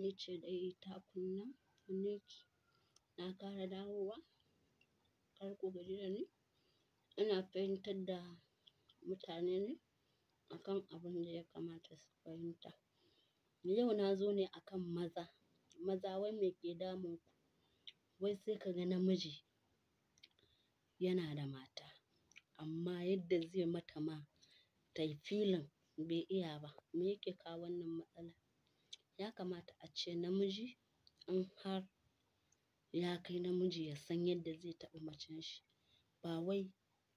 ni ce dai ta kunna na ƙara dawowa. Kar ku gaji da Ina fahimtar da mutane ne akan abin da ya kamata su fahimta. Yau na zo ne akan maza. Maza wai me ke damun ku? Wai sai ka ga namiji yana da mata amma yadda zai mata ma tayi filin bai iya ba. Me yake kawo wannan matsala? ya kamata a ce namiji in har ya kai namiji ya san yadda zai taɓa macen shi ba wai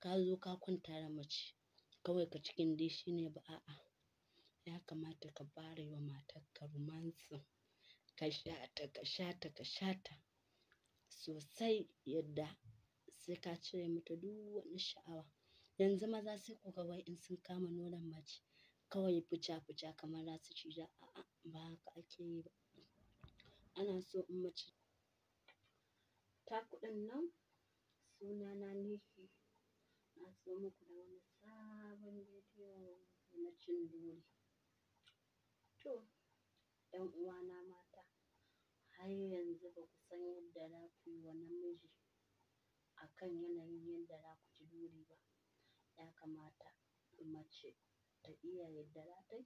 ka zo ka kwanta da mace kawai ka cikin dai shi ne ba a'a ya kamata ka bare wa ka romancing ka sha ka sha ka shata sosai yadda sai ka cire mata duk wani sha'awa yanzu maza sai ku ga wai in sun kama nonon mace kawai fita fita kamar za su ci da a'a ba haka ake yi ba ana so in mace ta kuɗin nan suna na ne na so muku da wani sabon bidiyo na cin dole to ɗan uwana mata har yanzu ba ku san yadda za ku yi wa namiji a kan yanayin yadda za ku ci dole ba ya kamata mace ta iya yadda za ta yi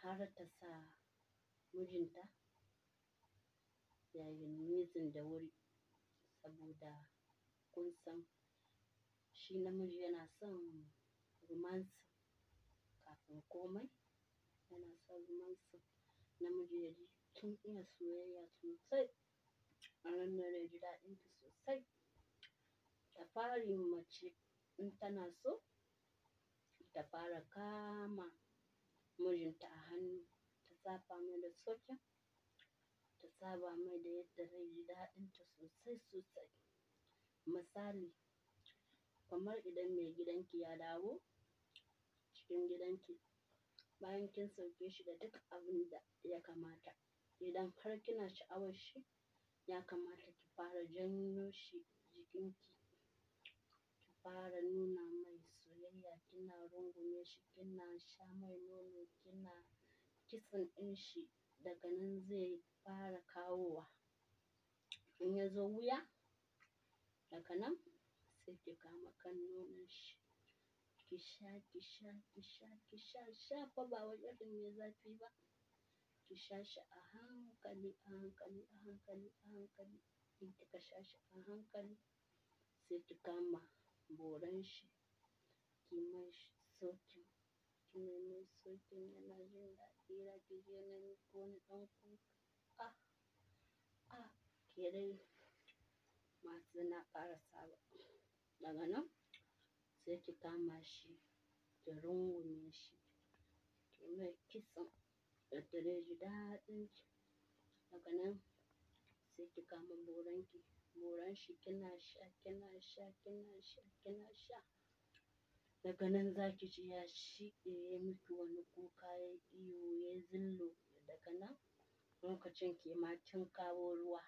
har ta sa mijinta yayin yi nizin da wuri saboda kun san shi namiji yana son romance kafin komai yana son romance namiji ya ji tun iya soyayya sosai a ranar ya ji daɗinta sosai ta fari mace in tana so ta fara kama mijinta a hannu ta saba mai da sokin ta saba mai da yadda zai ji daɗinta sosai sosai misali kamar idan mai gidanki ya dawo cikin gidanki bayan kin sauke shi da duk abin da ya kamata idan har kina sha'awar shi ya kamata ki fara janyo shi jikinki ki fara nuna mai kina rungume shi kina sha mai nono kina kitson ɗin shi daga nan zai fara kawowa in ya zo wuya daga nan sai ki kama kan nonon shi ki sha ki sha ki sha ki sha sha fa ba wai irin mai zafi ba ki sha shi a hankali a hankali a hankali a hankali in kika sha shi a hankali sai ki kama boran shi Soki, sautin tunanin soki yana na daɗi ira yana miƙo wani ɗan kuka a a kenan masu na ƙara saba daga nan sai ki kama shi ki rungume shi ki mai kitson yadda zai ji daɗin ki daga nan sai ki kama boran ki boran shi kina sha kina sha kina sha kina sha daga nan za ki ji ya shiƙe ya miki wani kuka ya iyo ya zillo daga nan lokacin ke ma kin kawo ruwa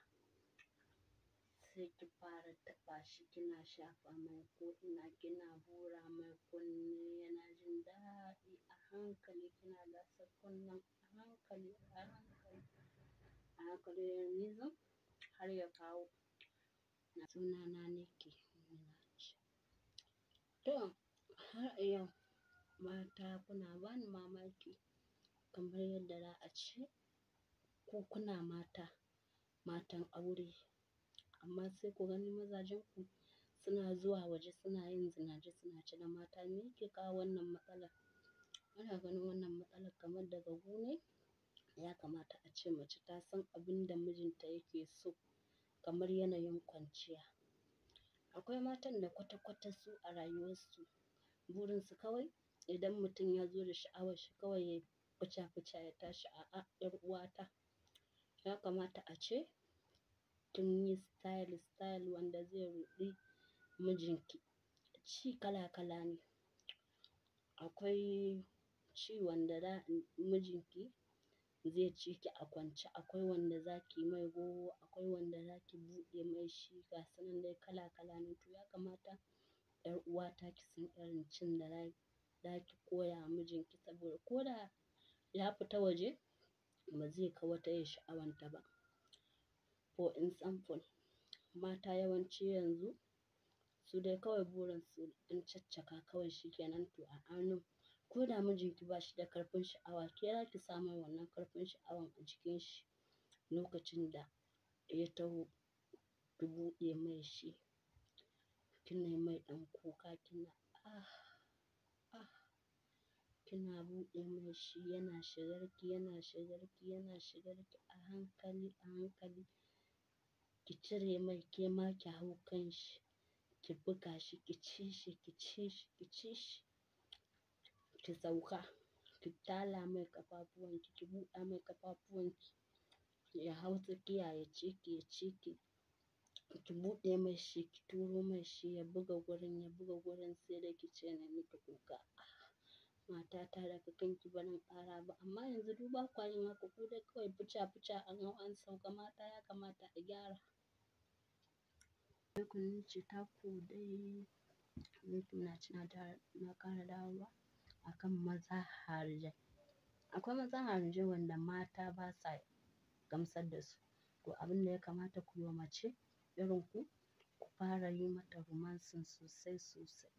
sai ki fara taɓa shi kina shafa mai ko ina kina bura mai kunne yana jin daɗi a hankali kina gasar kunnen a hankali a hankali a hankali ya nizo har ya kawo na sunana ne ke to har a yau mata kuna bani mamaki kamar yadda za a ce ko kuna mata, matan aure amma sai ku gani mazajenku suna zuwa waje suna yin suna zinace da mata. Me ke kawo wannan matsalar? Ana ganin wannan matsalar kamar daga ku ne. Ya kamata a ce mace ta san abin da mijinta yake so kamar yanayin kwanciya. Akwai matan da kwata-kwata su a rayuwarsu burinsu kawai idan mutum ya zo da sha'awar shi kawai ya fica-fica ya tashi a yar uwata ya kamata a ce kin yi style style wanda zai ruɗi mijinki ci kala kala ne akwai ci wanda za mijinki zai ci ki a kwance akwai wanda za ki mai goho akwai wanda za ki buɗe mai shi ga su dai kala kala ne to ya kamata 'yar uwata ki san irin cin da za ki koya mijinki saboda ko da ya fita waje ba zai ga ya sha'awanta ba. For example, mata yawanci yanzu su dai kawai burin su in caccaka kawai shi ke nan to a anu Ko da mijinki ba shi da ƙarfin sha'awa ke za ki samar wannan ƙarfin sha'awan a jikin shi lokacin da ya taho ki buɗe mai shi. kina mai ɗan kuka kina ah ah kina buɗe mai shi yana shigarki, yana shigarki, yana shigarki a hankali a hankali ki cire mai kema ki hau kan shi ki buga shi ki ci shi ki ci shi ki ci shi ki sauka ki tala mai ƙafafuwanki ki buɗa mai ƙafafuwanki ya hau tsakiya ya ci ki ya ci ki. ki buɗe mai shi ki turo mai shi ya buga gurin ya buga gurin sai da ki ce na miki kuka ta daga kanki ba nan ƙara ba amma yanzu duba yin haka ku dai kawai fica fica an hau an sauka mata ya kamata a gyara kunun ce ta dai na ci na ƙara dawowa akan maza harijai akwai maza harijai wanda mata ba sa gamsar da su to abin da ya kamata ku yi wa mace irin ku ku fara yi mata romancin sosai sosai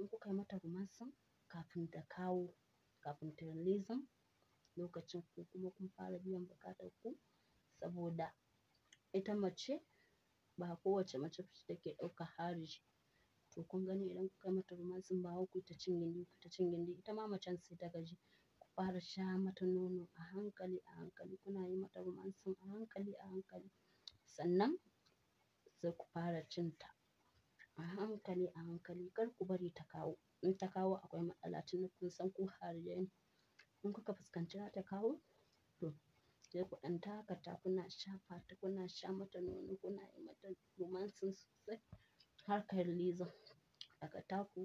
in kuka yi mata romancin kafin ta kawo kafin ta releasing lokacin ku kuma kun fara biyan buƙatar ku saboda ita mace ba kowace mace take ɗauka hariji to kun gani idan kuka yi mata romancin ba ku ta cin gindi ku ta cin gindi ita ma macen sai ta gaji ku fara sha mata nono a hankali a hankali kuna yi mata romancin a hankali a hankali sannan sai ku fara cin ta a hankali a hankali kar ku bari ta kawo in ta kawo akwai matsala tun kun san ku hariya ne in kuka fuskanci za ta kawo to sai ku ɗan dakata kuna shafa ta kuna sha mata nono kuna yi mata romancing sosai har kai releasing daga taku